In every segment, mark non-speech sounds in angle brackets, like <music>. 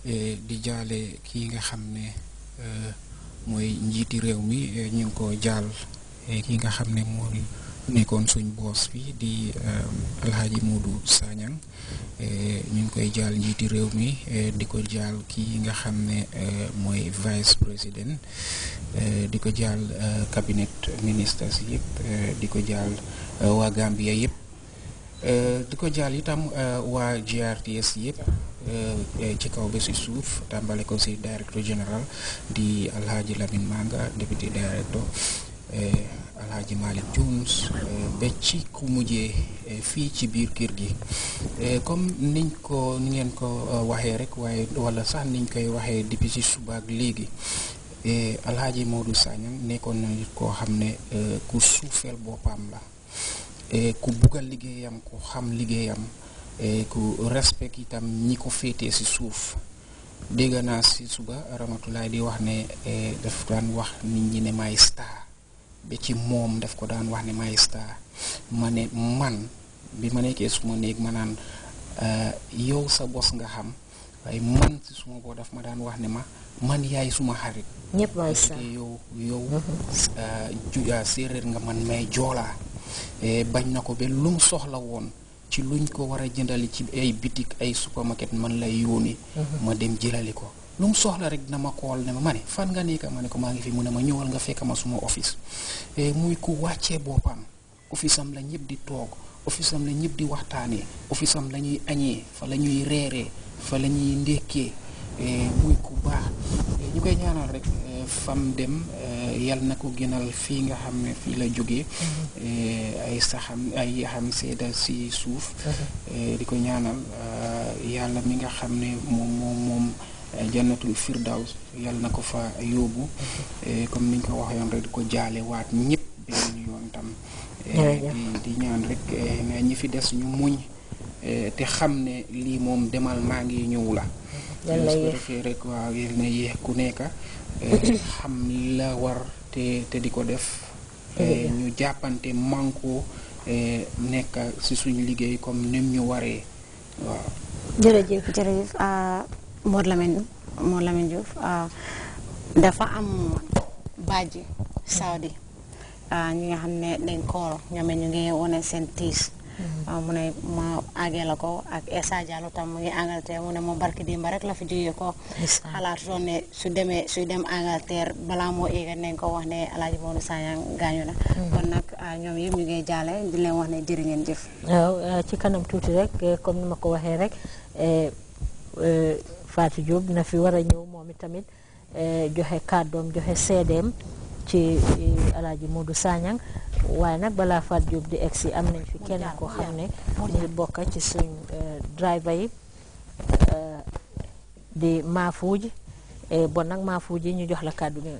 E, di jaale kii nga xam ne e, mooy njiiti réew mi e, ñu ngi ko jaal kii nga xam ne moo nekkoon suñ boos bi di alxaaji Moodu Saañang ñu ngi koy jaal njiiti réew mi di ko jaal kii nga xam ne mooy vice président di ko jaal cabinet ministres yëpp di ko jaal waa Gambia yëpp di ko jaal itam waa GRTS yëpp Eh, e ci kaw be si suuf tàmbale conseil directeur général di alhaji lamin manga député directeur e alhaji malik jones be ci ku mujjee e fii ci biir kër gi comme niñ ko ni ngeen ko waxee rek waaye wala sax niñ koy waxee depuis si subaag léegi alhaji modou sañan nekkoon na nit koo xam ne ku suufeel boppaam la ku bugal liggéeyam ku xam liggéeyam ku respect itam ñi ko féetee ci suuf dégg naa ci suba Ramatulaay di wax ne eh, daf daan wax nit ñi ne maay star ba ci moom daf ko daan wax ne maay star ma man bi ma nekkee suma néeg ma naan eh, yow sa bos nga xam waaye man suma boo daf ma daan wax ne ma man yaay suma xarit ñëpp waay sax yow yow mm-hmm. eh, séeréer nga man may joolaa bañ na ko ba lu soxla woon ci luñ ko war a jëndali ci ay bitik ay supermarket man lay yóoni mhm. ma dem jëlali ko lu soxla rek na ma kool ne ma ma ne fan nga nekk ma ne ko maa ngi fi mu ne ma ñëwal nga fekk ma suma office eh, muy ku wàccee boppam office am la ñëpp di toog office am la ñëpp di waxtaanee office am la ñuy añee fa lañuy ñuy reeree fa la ñuy ndékkee eh, muy ku baax eh, ñu koy ñaanal rek fam dem eh, yal na ko gënal fii nga xam ne fii la jógee eh, ay saxam ay yaxam seeda si suuf eh, di ko ñaanal yàlla mi nga xam ne moom moom moom jannatul firdaws yal na ko fa yóbbu comme niñ ko waxoon rek di ko jaale waat ñëpp benn tam di ñaan rek ñi fi des te xam ne lii moom demal maa ngi ñëw la. yàlla su ko rek waaw yéen ku nekk. xam la war te di ko def eh, ñu jàppante manko eh, nekk ci suñu liggéey comme nim ñu waree waaw jërëjëf jërëjëf ah, Mor Lamine Mor Lamine Diouf ah, dafa am baaji Saudi ah, ñi nga xam ne dañ koor ñoom ñu ngi wone seen tiis Ah, mu ne ma àggee ko ak Essa Diallo tam mu ngi Angleterre mu ne ma barki dimba rek la fi jógee ko xalaatu doon ne su demee suy dem Angleterre balaa moo éega nañ ko wax ne Alaaji Modou Sanyang gaañu na mm-hmm. kon nag ah, ñoom yëpp ngi jaale di leen wax ne jërë ngeen jëf waaw ah, ci kanam tuuti rek eh, comme ni ma ko waxee rek eh, eh, Fatou Diop na fi war a ñëw moom itamit joxe kàddoom joxe seedeem ci Alaaji Modou Sanyang waaye nag balaa Fatou Diop di egg si am nañ fi kenn koo xam ne mu ngi bokk ci suñ eh, driver yi eh, di Mahfouj Eh, bon nag maa fuuji ñu jox la kàddu gi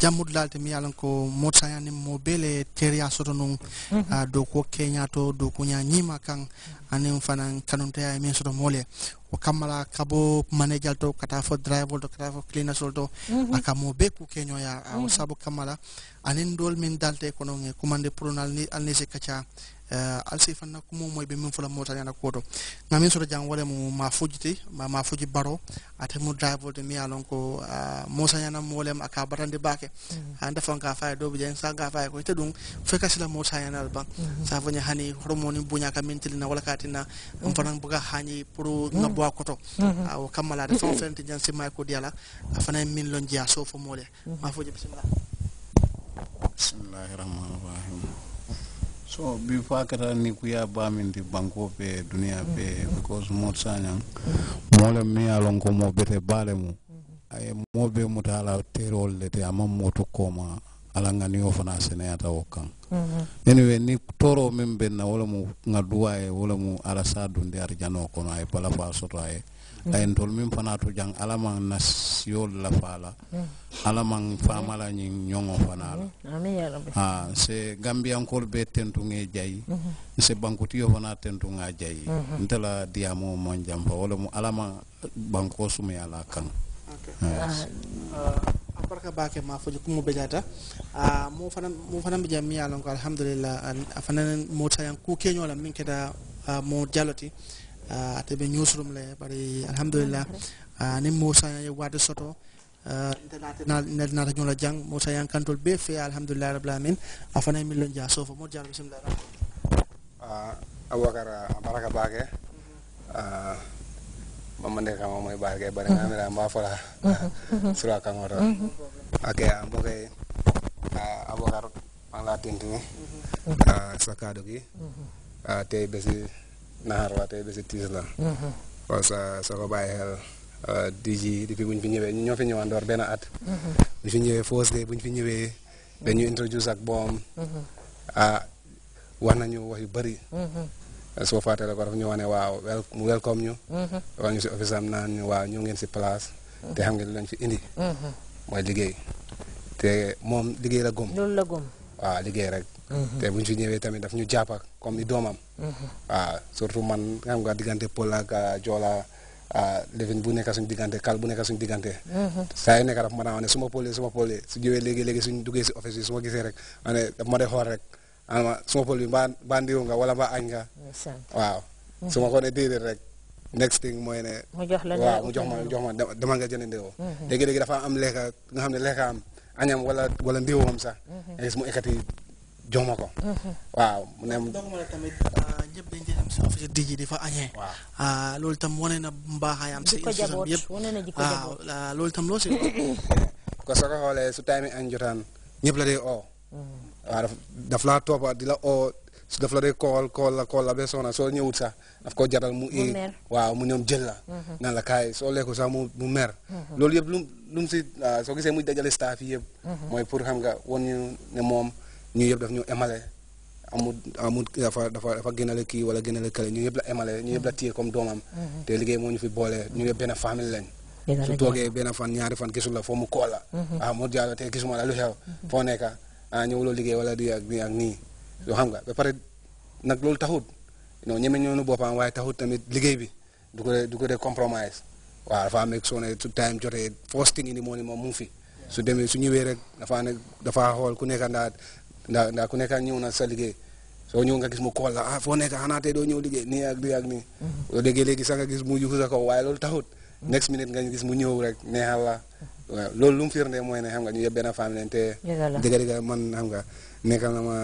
jammuɗo laalde mi yalan ko motsañani mo beele teriya sotonum mhm. ah, dow ko keña to dow ko ña ñima kan anin fanan kanumteya min soto moole o kammala kabo manéjal to kata fo drivel to kata fo clinasol to mhm. aka mo be ku keñoya ah, o mhm. saabu kammala anin dol min dalte kono e commande pronal alnise kaca Euh, alsi fanna kumo moy be min fula mota yana kodo ngamin soto jang wale mu ma fujiti ma ma fuji baro ate mu drive de mi alon euh, mm-hmm. ko uh, mosa yana mu wale aka barande bake mm -hmm. anda fon ka fa do bijan sa ga fa ko ite dun fe sila mosa yana alba mm -hmm. sa fanya hani hormoni bunya ka mintili na wala katina mm -hmm. fanan buga hani pro mm mm-hmm. koto mm -hmm. uh, kamala da fon fen tijan si ko diala afana min lon jiya so before kata ni kuya min di banko pe dunia pe because mo mo le mi lon ko mo bete bale mu ay mo be mutala terol le te amam moto koma ngani o fana seneyata wo kan mm-hmm. anyway ni toro min na wala mu ŋa e ye wala mu alasa dunde arijano kono aye bala fa soto aye ayen tol min fana to jang alama nasiyol la fala mm. alama famala ni nyongo fana la mm. ya rabbi ha se gambian kol be tentu nge jayi mm-hmm. se bankutiyo fana tentu nga jayi mm-hmm. ntala diamo mon jampa wala mu alama banko sumi ala kan okay. yes. uh, barka bake ma fo jukumu bejata a ah, mo fana mo fana be jamiya lon ko alhamdulillah ah, fana mo tayan ku kenyo la min keda ah, mo jaloti ate ah, ɓe newsroom le bari alhamdulillah anin moussa wade soto international ah, ñola jang moussa yan kantol be fe alhamdulillah rabbil alamin afana min lon ja sofa mo jar bismillah ah, aboubacar baraka bake mamande kama moy bake bari ngamira ma fola mm-hmm. sura kangoro ake amboke aboubacar mang la tintini mm-hmm. sa kadu gi mm-hmm. te besi naxaar waa tey bési tiis la mhm. kon sa soo ko bàyyi xel euh, di ji depuis buñ fi ñëwee ñoo fi ñëwaan door benn at mhm. buñ fi ñëwee foos buñ fi ñëwee dañu introduce ak boom mhm. ah wax nañu wax yu bëri soo fàttale ko dafa ñu wane waaw mu welcome ñu wax ñu si office am naan ñu waaw ñëw ngeen si place te xam nga li lañ fi indi mooy liggéey te moom liggéey la gëm loolu la liggéey rek té buñ fi ñëwé tamit daf ñu jàppa comme ni domam waaw surtout man nga nga diggante pël ak ah lefin bu nekk suñu diganté kal bu nekk suñu diganté saa yu nekk daf ma daa ne suma pëlee suma pëlee su jëwé légui légui suñu duggé ci office suma gisé rek ané daf ma dé xor rek ana suma pël bi mbaa nga wala ba añ nga waaw mhm. suma ko né dédé rek next thing moy né mu jox la waaw mu jox ma jox ma dama nga jëne ndéw légui légui dafa am lekka nga xamné ne am añam wala wala ndéwoom sax ay mu ekkati jox ma ko. Mhm. waaw mu ne. donc man tamit euh, ñëpp dañ cee dem si affaire digg yi di fa añee. waaw euh, loolu itam wane ñëpp ah, <laughs> dee oo. Mhm. daf daf toppa di la oo daf la dee kool kool la kool soo ñëwut sax daf ko jaral mu. mu waaw mu ñoom mhm. soo lekku mu dajale staff yëpp. mooy pour xam nga woon ne moom. ñu yëpp daf ñu émalé amul amul dafa dafa dafa gënale kii wala gënale kële ñu yëpp la émalé ñu yëpp la téye comme doomam. Mm-hmm. te liggéey moo ñu fi boole ñu yëpp benn famille lañ. su toogee benn fan ñaari fan gisul la foo mu koo la. Mm-hmm. ah mu jàll te gisuma la lu xew. Mm-hmm. foo nekk ah ñëwuloo liggéey wala di ak di ak nii. yoo xam nga ba pare nag loolu taxut non ñeme ñoonu boppam waaye taxut tamit liggéey bi du de compromise. waaw dafa am soo time jotee first thing in the morning ndaa ndaa ku nekk ñëw na sa liggéey soo ñëw nga gis mu kool la ah foo nekk xanaa tey doo ñëw liggéey nii ak nii ak nii. Mhm. soo déggee léegi gis mu yuuxu sa kaw waaye loolu taxut. Mhm. next minute nga gis mu ñëw rek neexal la. Mhm. loolu lu mu firnde mooy ne xam nga ñu yëpp benn famille leen te. dëgg dëgg man xam nga nekkal na ma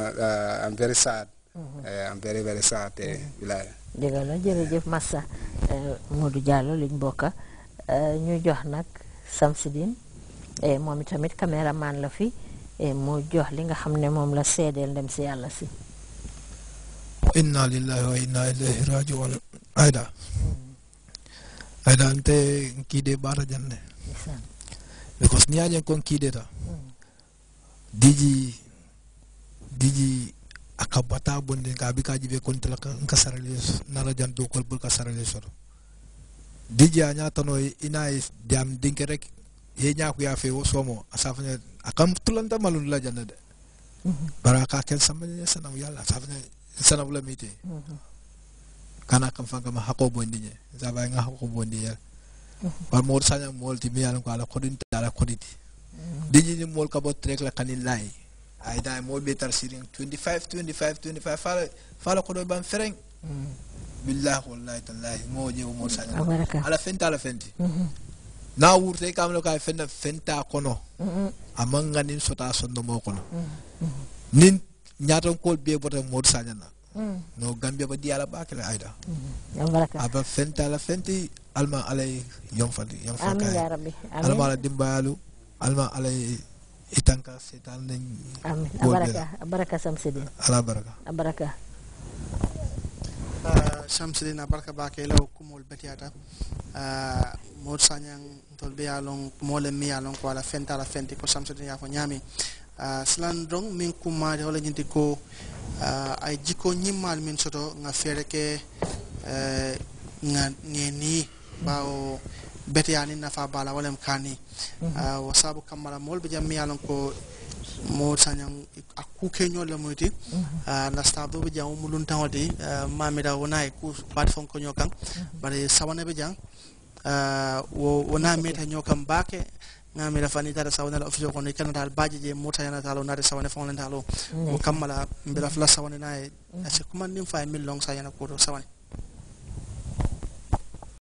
am euh, very sad. am eh, very eh, la jërëjëf Massa eh, Modou Diallo liñ bokka ñu jox nag Samsidine moom itamit caméraman la fi. mu jox li nga xam ne moom la seedeel ndem si yàlla si inna lillahi wa inna ilayhi rajiun ayda ayda nte kiide baata janne because ni ajen kon kiideta diji diji aka bata ka bi ka jibe kon tala ka sarale nara jan do kol bul ka sarale soro diji anya tano ina akam tulanta malun la janda de mm-hmm. bara ka ken samanya ya sanaw yalla safne sanaw la mite mm-hmm. kana kam fanga ma hako bondi ne za bay nga hako bondi ya mm-hmm. ba mor sanya mol ti mi ko ala khodin ta ala khoditi diji ni mol ka bot rek la kanin lay ay da mo be tar sirin 25 25 25 fa la ko do ban fereng billahi wallahi tallahi mo je mo ala fenta ala fenti na wurta i e mm-hmm. a ka fenna fenta kono amman mm-hmm. ganin sota sondomo kono nin ñatonkol be bota modu sañana mm-hmm. no gambia ba diyala bakele ayda aba fenta la fenti alma alay e yomfandi yomfakay e. alma ala dimbayalu alma alay itanka setan nañ ala baraka ala baraka shamsidin abarka bake law kumol euh mo sañang tol be yalon kumole mi yalon ko ala fenta la fenti ko shamsidin ya ko euh slan dong min de wala ñinti ko ay jiko nyimal min soto nga fere ke nga ngeni bawo betiyani nafa bala mkani kani wasabu kamara mol be jam mi yalon ko mo sañang kukeñol le moyti na stable be jang mulun tawdi mamira wona ku pat fon mhm. ah, ah, ko nyokan mhm. bare sawana be jang ah, wo wona meta nyokan bake ngamira fani tara sawana la office ko ne kan dal baji je mota yana talo na sawana fon lan talo mhm. o kammala mbira fla sawana na e ase kuma nim fa mil long sa yana ko